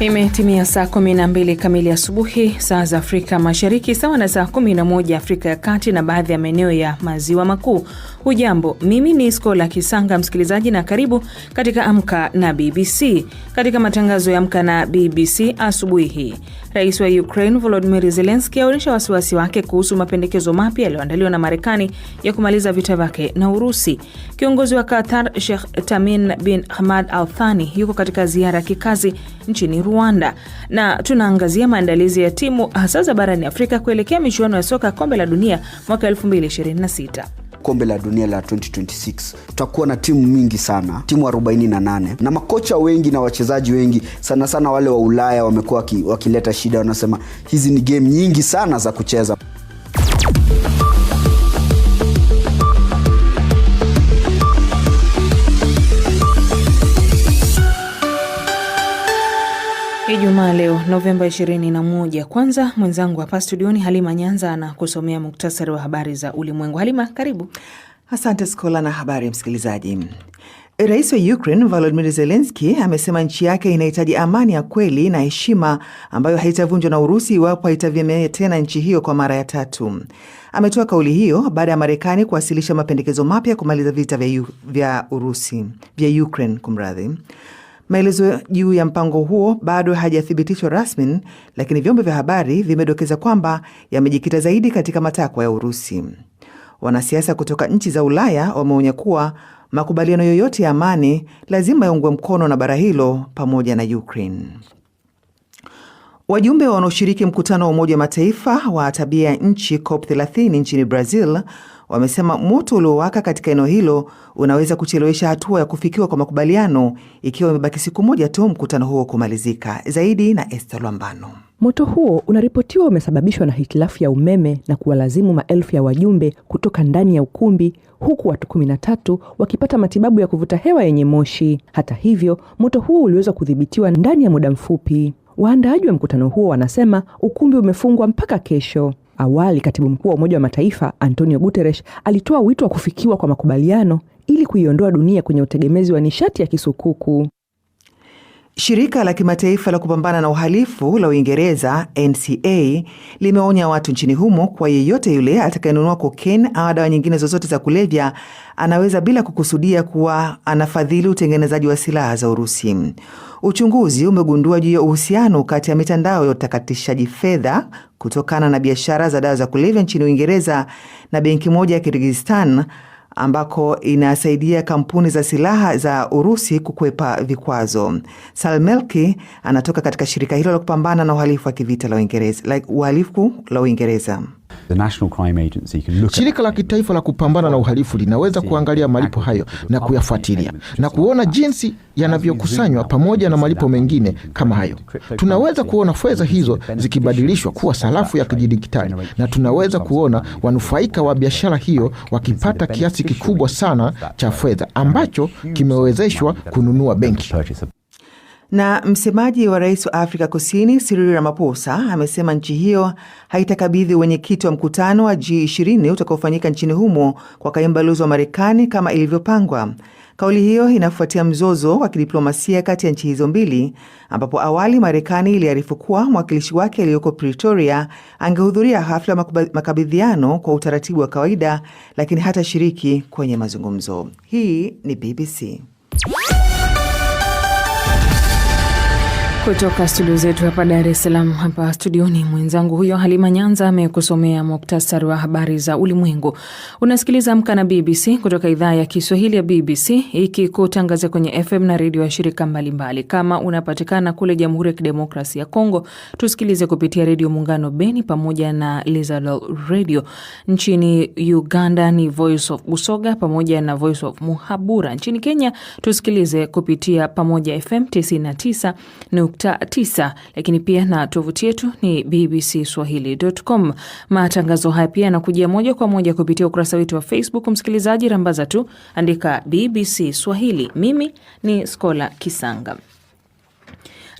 Imetimia saa 12 kamili asubuhi saa za Afrika Mashariki, sawa na saa 11 Afrika ya Kati na baadhi ya maeneo ya maziwa makuu. Hujambo, mimi ni Skola Kisanga, msikilizaji, na karibu katika Amka na BBC. Katika matangazo ya Amka na BBC asubuhi hii, rais wa Ukraine Volodimir Zelenski aonyesha wasiwasi wake kuhusu mapendekezo mapya yaliyoandaliwa na Marekani ya kumaliza vita vyake na Urusi. Kiongozi wa Qatar Sheikh Tamim bin Hamad Al Thani yuko katika ziara ya kikazi nchini Rwanda, na tunaangazia maandalizi ya timu hasa za barani Afrika kuelekea michuano ya soka kombe la dunia mwaka 2026 kombe la dunia la 2026 tutakuwa na timu mingi sana, timu 48 na makocha wengi na wachezaji wengi sana sana wale wa Ulaya wamekuwa wakileta shida, wanasema hizi ni game nyingi sana za kucheza. Ijumaa leo Novemba 21. Kwanza mwenzangu hapa studioni Halima Nyanza anakusomea muktasari wa habari za ulimwengu. Halima, karibu. Asante Skola na habari msikilizaji. Rais wa Ukraine volodimir zelenski amesema nchi yake inahitaji amani ya kweli na heshima ambayo haitavunjwa na Urusi iwapo haitavamia tena nchi hiyo kwa mara ya tatu. Ametoa kauli hiyo baada ya Marekani kuwasilisha mapendekezo mapya kumaliza vita vya, vya Urusi vya Ukraine kumradhi. Maelezo juu ya mpango huo bado hajathibitishwa rasmi, lakini vyombo vya habari vimedokeza kwamba yamejikita zaidi katika matakwa ya Urusi. Wanasiasa kutoka nchi za Ulaya wameonya kuwa makubaliano yoyote ya amani lazima yaungwe mkono na bara hilo pamoja na Ukraine. Wajumbe wanaoshiriki mkutano wa Umoja wa Mataifa wa tabia ya nchi COP 30 nchini Brazil wamesema moto uliowaka katika eneo hilo unaweza kuchelewesha hatua ya kufikiwa kwa makubaliano ikiwa imebaki siku moja tu mkutano huo kumalizika. Zaidi na Esther Lwambano. Moto huo unaripotiwa umesababishwa na hitilafu ya umeme na kuwalazimu maelfu ya wajumbe kutoka ndani ya ukumbi huku watu kumi na tatu wakipata matibabu ya kuvuta hewa yenye moshi. Hata hivyo, moto huo uliweza kudhibitiwa ndani ya muda mfupi. Waandaaji wa mkutano huo wanasema ukumbi umefungwa mpaka kesho. Awali katibu mkuu wa Umoja wa Mataifa Antonio Guterres alitoa wito wa kufikiwa kwa makubaliano ili kuiondoa dunia kwenye utegemezi wa nishati ya kisukuku. Shirika la kimataifa la kupambana na uhalifu la Uingereza NCA limeonya watu nchini humo kwa yeyote yule atakayenunua kokeini au dawa nyingine zozote za kulevya anaweza bila kukusudia kuwa anafadhili utengenezaji wa silaha za Urusi. Uchunguzi umegundua juu ya uhusiano kati ya mitandao ya utakatishaji fedha kutokana na biashara za dawa za kulevya nchini Uingereza na benki moja ya Kirgizistan ambako inasaidia kampuni za silaha za Urusi kukwepa vikwazo. Salmelki anatoka katika shirika hilo la kupambana na uhalifu wa kivita la Uingereza, like uhalifu la Uingereza. The National Crime Agency can look shirika la kitaifa la kupambana na uhalifu linaweza kuangalia malipo hayo na kuyafuatilia na kuona jinsi yanavyokusanywa pamoja na malipo mengine kama hayo. Tunaweza kuona fedha hizo zikibadilishwa kuwa sarafu ya kidijitali, na tunaweza kuona wanufaika wa biashara hiyo wakipata kiasi kikubwa sana cha fedha ambacho kimewezeshwa kununua benki. Na msemaji wa rais wa Afrika Kusini Cyril Ramaphosa amesema nchi hiyo haitakabidhi wenyekiti wa mkutano wa G20 utakaofanyika nchini humo kwa kaimu balozi wa Marekani kama ilivyopangwa. Kauli hiyo inafuatia mzozo wa kidiplomasia kati ya nchi hizo mbili, ambapo awali Marekani iliarifu kuwa mwakilishi wake aliyoko Pretoria angehudhuria hafla makabidhiano kwa utaratibu wa kawaida, lakini hatashiriki kwenye mazungumzo. Hii ni BBC. Kutoka studio zetu hapa Dar es Salaam, hapa studioni mwenzangu huyo Halima Nyanza amekusomea muktasari wa habari za ulimwengu. Unasikiliza Amka na BBC kutoka idhaa ya Kiswahili ya BBC ikikutangaza kwenye FM na redio ya shirika mbalimbali. Kama unapatikana kule Jamhuri ya Kidemokrasi ya Kongo, tusikilize kupitia Redio Muungano Beni pamoja na Lizalo Radio. Nchini Uganda ni Voice of Busoga pamoja na Voice of Muhabura. Nchini Kenya tusikilize kupitia Pamoja FM 99 9 lakini pia na tovuti yetu ni bbcswahili.com. Matangazo haya pia yanakujia moja kwa moja kupitia ukurasa wetu wa Facebook. Msikilizaji, rambaza tu andika BBC Swahili. Mimi ni Skola Kisanga.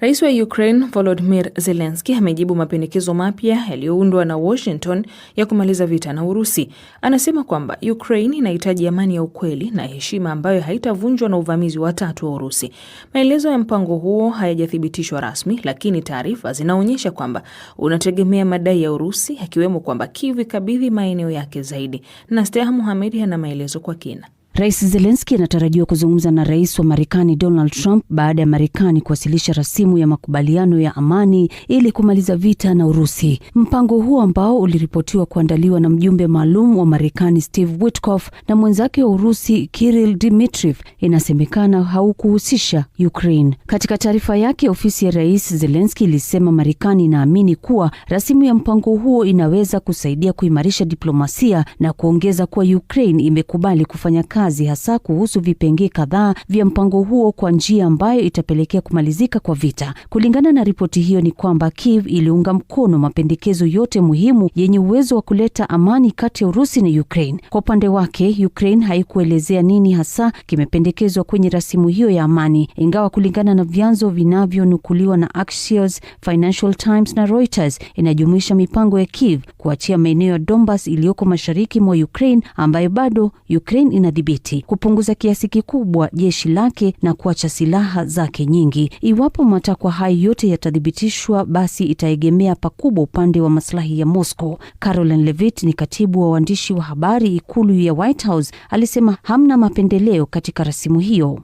Rais wa Ukraine Volodymyr Zelensky amejibu mapendekezo mapya yaliyoundwa na Washington ya kumaliza vita na Urusi. Anasema kwamba Ukraine inahitaji amani ya ukweli na heshima ambayo haitavunjwa na uvamizi wa tatu wa Urusi. Maelezo ya mpango huo hayajathibitishwa rasmi, lakini taarifa zinaonyesha kwamba unategemea madai ya Urusi, akiwemo kwamba Kyiv ikabidhi maeneo yake zaidi. Nastea Mohamed ana maelezo kwa kina. Rais Zelenski anatarajiwa kuzungumza na rais wa Marekani Donald Trump baada ya Marekani kuwasilisha rasimu ya makubaliano ya amani ili kumaliza vita na Urusi. Mpango huo ambao uliripotiwa kuandaliwa na mjumbe maalum wa Marekani Steve Witkoff na mwenzake wa Urusi Kirill Dmitriev inasemekana haukuhusisha Ukraine. Katika taarifa yake, ofisi ya rais Zelenski ilisema Marekani inaamini kuwa rasimu ya mpango huo inaweza kusaidia kuimarisha diplomasia na kuongeza kuwa Ukraine imekubali kufanya kazi kazi, hasa kuhusu vipengee kadhaa vya mpango huo kwa njia ambayo itapelekea kumalizika kwa vita. Kulingana na ripoti hiyo, ni kwamba Kiev iliunga mkono mapendekezo yote muhimu yenye uwezo wa kuleta amani kati ya Urusi na Ukraine. Kwa upande wake, Ukraine haikuelezea nini hasa kimependekezwa kwenye rasimu hiyo ya amani, ingawa kulingana na vyanzo vinavyonukuliwa na Axios, Financial Times na Reuters, inajumuisha mipango ya Kiev kuachia maeneo ya Donbas iliyoko mashariki mwa Ukraine ambayo bado Ukraine inadhibiti kudhibiti, kupunguza kiasi kikubwa jeshi lake na kuacha silaha zake nyingi. Iwapo matakwa hayo yote yatathibitishwa, basi itaegemea pakubwa upande wa maslahi ya Moscow. Caroline Levitt ni katibu wa waandishi wa habari ikulu ya White House, alisema hamna mapendeleo katika rasimu hiyo.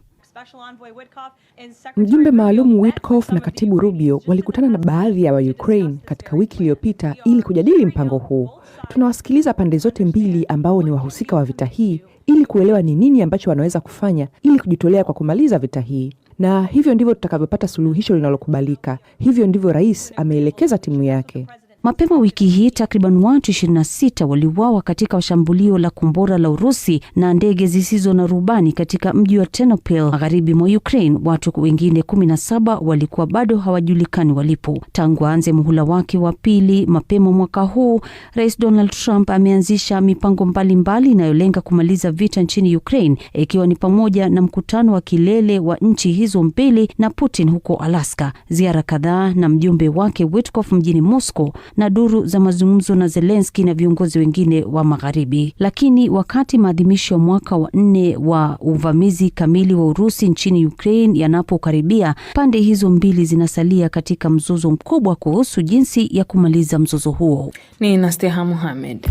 Mjumbe maalum Witkoff na katibu Rubio walikutana na baadhi ya Waukraine katika wiki iliyopita ili kujadili mpango huu. Tunawasikiliza pande zote mbili ambao ni wahusika wa vita hii ili kuelewa ni nini ambacho wanaweza kufanya ili kujitolea kwa kumaliza vita hii na hivyo ndivyo tutakavyopata suluhisho linalokubalika. Hivyo ndivyo rais ameelekeza timu yake. Mapema wiki hii takriban watu 26 waliuawa katika shambulio la kombora la Urusi na ndege zisizo na rubani katika mji wa Ternopil magharibi mwa Ukraine. Watu wengine 17 walikuwa bado hawajulikani walipo. Tangu aanze muhula wake wa pili mapema mwaka huu, Rais Donald Trump ameanzisha mipango mbalimbali inayolenga kumaliza vita nchini Ukraine, ikiwa ni pamoja na mkutano wa kilele wa nchi hizo mbili na Putin huko Alaska, ziara kadhaa na mjumbe wake Witkoff mjini Moscow na duru za mazungumzo na Zelenski na viongozi wengine wa Magharibi. Lakini wakati maadhimisho ya mwaka wa nne wa uvamizi kamili wa Urusi nchini Ukraine yanapokaribia, pande hizo mbili zinasalia katika mzozo mkubwa kuhusu jinsi ya kumaliza mzozo huo. Ni Nastia Muhammad.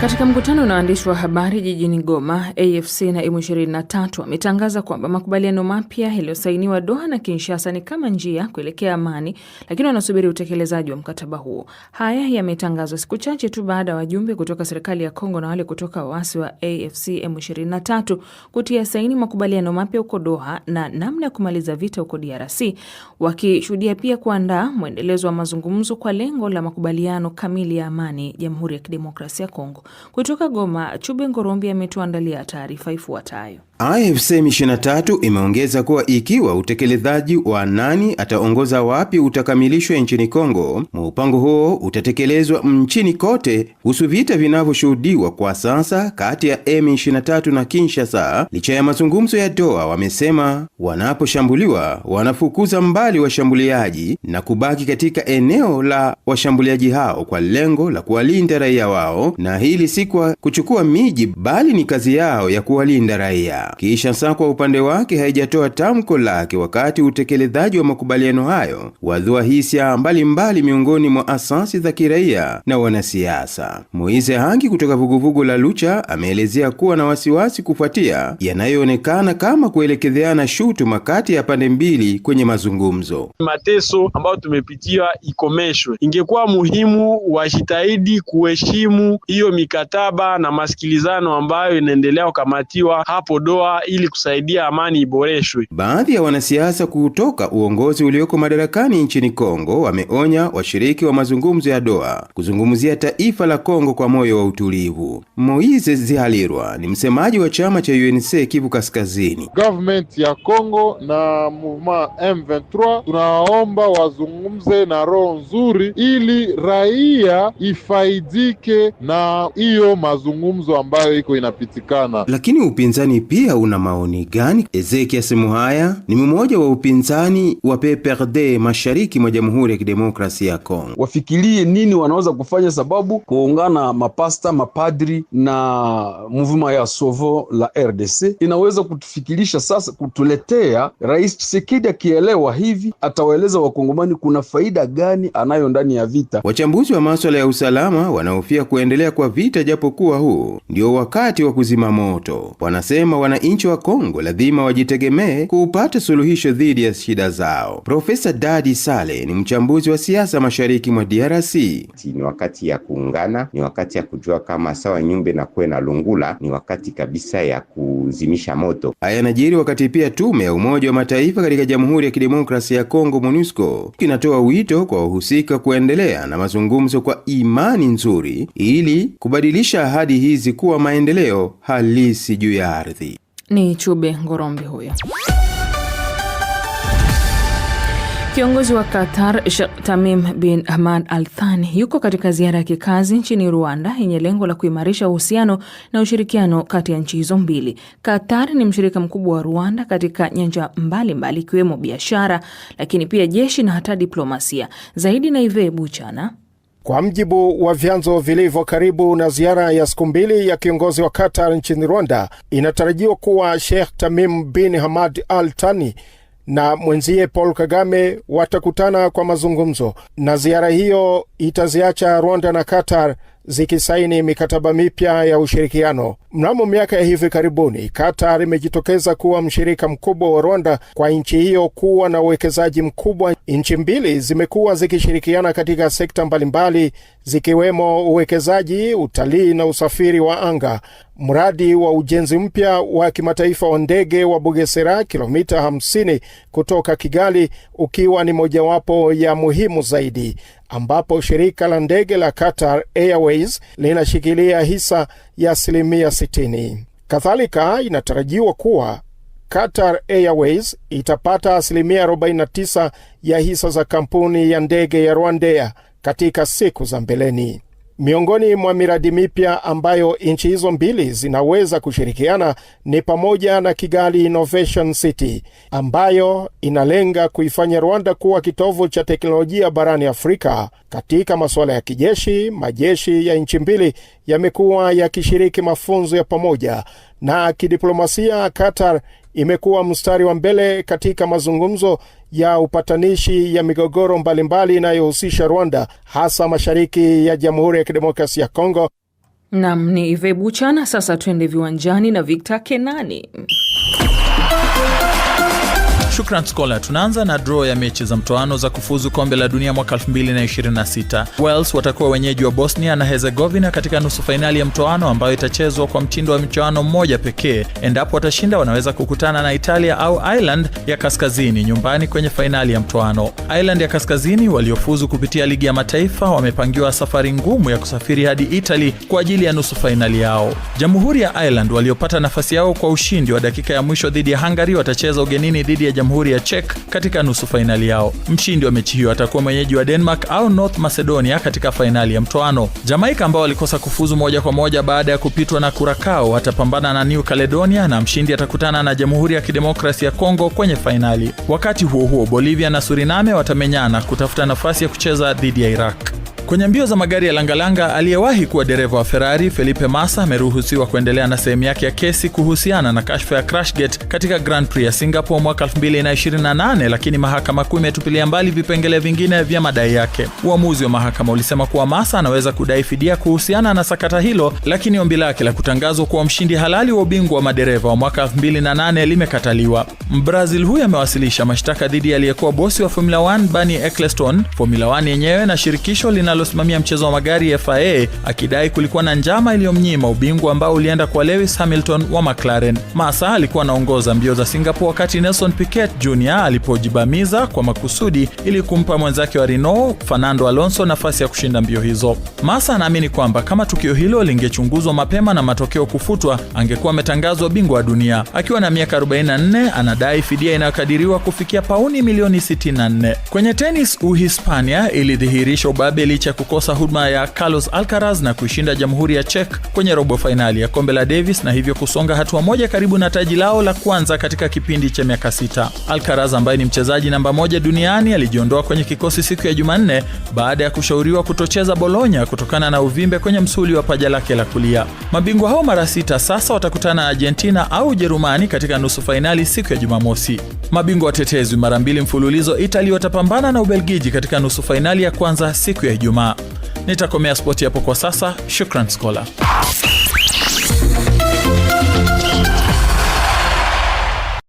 Katika mkutano na waandishi wa habari jijini Goma, AFC na M23 wametangaza kwamba makubaliano mapya yaliyosainiwa Doha na Kinshasa ni kama njia kuelekea amani, lakini wanasubiri utekelezaji wa mkataba huo. Haya yametangazwa siku chache tu baada ya wajumbe kutoka serikali ya Kongo na wale kutoka waasi wa AFC M23 kutia saini makubaliano mapya huko Doha na namna ya kumaliza vita huko DRC, wakishuhudia pia kuandaa mwendelezo wa mazungumzo kwa lengo la makubaliano kamili ya amani Jamhuri ya Kidemokrasia ya Kongo. Kutoka Goma, Chube Ngorombi ametuandalia taarifa ifuatayo. AFC M23 imeongeza kuwa ikiwa utekelezaji wa nani ataongoza wapi utakamilishwa nchini Kongo, mpango huo utatekelezwa nchini kote husu vita vinavyoshuhudiwa kwa sasa kati ya M23 na Kinshasa. Licha ya mazungumzo ya Doha, wamesema wanaposhambuliwa wanafukuza mbali washambuliaji na kubaki katika eneo la washambuliaji hao kwa lengo la kuwalinda raia wao na hii hili si kwa kuchukua miji, bali ni kazi yao ya kuwalinda raia. Kisha saa kwa upande wake haijatoa tamko lake wakati utekelezaji wa makubaliano hayo wadhua hisia mbalimbali miongoni mwa asasi za kiraia na wanasiasa. Moise Hangi kutoka vuguvugu la Lucha ameelezea kuwa na wasiwasi kufuatia yanayoonekana kama kuelekezeana shutuma kati ya pande mbili kwenye mazungumzo. Mateso ambayo tumepitia ikomeshwe, ingekuwa muhimu wajitahidi kuheshimu hiyo mikataba na masikilizano ambayo inaendelea kukamatiwa hapo Doha ili kusaidia amani iboreshwe. Baadhi ya wanasiasa kutoka uongozi ulioko madarakani nchini Kongo wameonya washiriki wa mazungumzo ya Doha kuzungumzia taifa la Kongo kwa moyo wa utulivu. Moise Zihalirwa ni msemaji wa chama cha UNC Kivu Kaskazini. Government ya Kongo na movement M23 tunaomba wazungumze na roho nzuri ili raia ifaidike na hiyo mazungumzo ambayo iko inapitikana. Lakini upinzani pia una maoni gani? Ezekia Semuhaya ni mmoja wa upinzani wa PPRD mashariki mwa Jamhuri ya Kidemokrasia ya Kongo. Wafikirie nini wanaweza kufanya, sababu kuungana mapasta, mapadri na muvuma ya sovo la RDC inaweza kutufikilisha sasa, kutuletea Rais chisekedi Akielewa hivi, atawaeleza wakongomani kuna faida gani anayo ndani ya vita. Wachambuzi wa masuala ya usalama wanahofia kuendelea kwa vita vita, japokuwa huu ndio wakati wa kuzima moto. Wanasema wananchi wa Kongo lazima wajitegemee kuupata suluhisho dhidi ya shida zao. Profesa Dadi Sale ni mchambuzi wa siasa mashariki mwa DRC. Ni wakati ya kuungana, ni wakati ya kujua kama sawa nyumbe na kuwe na lungula, ni wakati kabisa ya kuzimisha moto. Haya yanajiri wakati pia tume ya Umoja wa Mataifa katika Jamhuri ya Kidemokrasia ya Kongo MONUSCO kinatoa wito kwa wahusika kuendelea na mazungumzo kwa imani nzuri ili kubadilisha ahadi hizi kuwa maendeleo halisi juu ya ardhi. Ni Chube Ngorombi huyo. Kiongozi wa Qatar Sheikh Tamim bin Hamad Al Thani yuko katika ziara ya kikazi nchini Rwanda yenye lengo la kuimarisha uhusiano na ushirikiano kati ya nchi hizo mbili. Qatar ni mshirika mkubwa wa Rwanda katika nyanja mbalimbali ikiwemo mbali biashara, lakini pia jeshi na hata diplomasia. Zaidi na Ive Buchana kwa mjibu wa vyanzo vilivyo karibu na ziara ya siku mbili ya kiongozi wa Qatar nchini Rwanda, inatarajiwa kuwa Sheikh Tamim bin Hamad Al Thani na mwenzie Paul Kagame watakutana kwa mazungumzo, na ziara hiyo itaziacha Rwanda na Qatar zikisaini mikataba mipya ya ushirikiano. Mnamo miaka ya hivi karibuni, Qatar imejitokeza kuwa mshirika mkubwa wa Rwanda kwa nchi hiyo kuwa na uwekezaji mkubwa. Nchi mbili zimekuwa zikishirikiana katika sekta mbalimbali, zikiwemo uwekezaji, utalii na usafiri wa anga. Mradi wa ujenzi mpya wa kimataifa wa ndege wa Bugesera, kilomita 50 kutoka Kigali, ukiwa ni mojawapo ya muhimu zaidi ambapo shirika la ndege la Qatar Airways linashikilia hisa ya asilimia 60. Kadhalika, inatarajiwa kuwa Qatar Airways itapata asilimia 49 ya hisa za kampuni ya ndege ya Rwandair katika siku za mbeleni. Miongoni mwa miradi mipya ambayo nchi hizo mbili zinaweza kushirikiana ni pamoja na Kigali Innovation City ambayo inalenga kuifanya Rwanda kuwa kitovu cha teknolojia barani Afrika katika masuala ya kijeshi, majeshi ya nchi mbili yamekuwa yakishiriki mafunzo ya pamoja na kidiplomasia. Qatar imekuwa mstari wa mbele katika mazungumzo ya upatanishi ya migogoro mbalimbali inayohusisha Rwanda, hasa mashariki ya Jamhuri ya Kidemokrasia ya Kongo. Nam ni Ive Buchana. Sasa tuende viwanjani na Victor Kenani. Shukran Scholar. Tunaanza na draw ya mechi za mtoano za kufuzu kombe la dunia mwaka 226 wels watakuwa wenyeji wa Bosnia na Herzegovina katika nusu fainali ya mtoano ambayo itachezwa kwa mtindo wa mchoano mmoja pekee. Endapo watashinda, wanaweza kukutana na Italia au Ireland ya Kaskazini nyumbani kwenye fainali ya mtoano. Ireland ya Kaskazini waliofuzu kupitia ligi ya mataifa wamepangiwa safari ngumu ya kusafiri hadi Italy kwa ajili ya nusu fainali yao. Jamhuri ya Ireland waliopata nafasi yao kwa ushindi wa dakika ya mwisho dhidi ya Hungary watacheza ugenini dhidi ya Jamhuri ya chek katika nusu fainali yao. Mshindi wa mechi hiyo atakuwa mwenyeji wa Denmark au North Macedonia katika fainali ya mtoano. Jamaika ambao walikosa kufuzu moja kwa moja baada ya kupitwa na kurakao atapambana na New Caledonia na mshindi atakutana na Jamhuri ya Kidemokrasi ya Kongo kwenye fainali. Wakati huo huo, Bolivia na Suriname watamenyana kutafuta nafasi ya kucheza dhidi ya Iraq. Kwenye mbio za magari ya langalanga, aliyewahi kuwa dereva wa Ferrari Felipe Massa ameruhusiwa kuendelea na sehemu yake ya kesi kuhusiana na kashfa ya Crashgate katika Grand Prix ya Singapore mwaka 2028, lakini mahakama kuu imetupilia mbali vipengele vingine vya madai yake. Uamuzi wa mahakama ulisema kuwa Massa anaweza kudai fidia kuhusiana na sakata hilo, lakini ombi lake la kutangazwa kuwa mshindi halali wa ubingwa wa madereva wa mwaka 2008 limekataliwa. Mbrazil huyo amewasilisha mashtaka dhidi ya aliyekuwa bosi wa Formula 1 Bernie Ecclestone, Formula 1 yenyewe na shirikisho lina analosimamia mchezo wa magari FIA akidai kulikuwa na njama iliyomnyima ubingwa ambao ulienda kwa Lewis Hamilton wa McLaren. Massa alikuwa anaongoza mbio za Singapore wakati Nelson Piquet Jr alipojibamiza kwa makusudi ili kumpa mwenzake wa Renault Fernando Alonso nafasi ya kushinda mbio hizo. Massa anaamini kwamba kama tukio hilo lingechunguzwa mapema na matokeo kufutwa, angekuwa ametangazwa bingwa wa dunia. Akiwa na miaka 44, anadai fidia inayokadiriwa kufikia pauni milioni 64. Kwenye tenis, Uhispania ilidhihirisha ubabe licha licha ya kukosa huduma ya Carlos Alcaraz na kuishinda Jamhuri ya Czech kwenye robo fainali ya kombe la Davis na hivyo kusonga hatua moja karibu na taji lao la kwanza katika kipindi cha miaka sita. Alcaraz ambaye ni mchezaji namba moja duniani alijiondoa kwenye kikosi siku ya Jumanne baada ya kushauriwa kutocheza Bologna kutokana na uvimbe kwenye msuli wa paja lake la kulia. Mabingwa hao mara sita sasa watakutana Argentina au Ujerumani katika nusu fainali siku ya Jumamosi. Mabingwa watetezi mara mbili mfululizo, Itali watapambana na Ubelgiji katika nusu fainali ya kwanza siku ya Ijumaa. Nitakomea spoti hapo kwa sasa. Shukran scola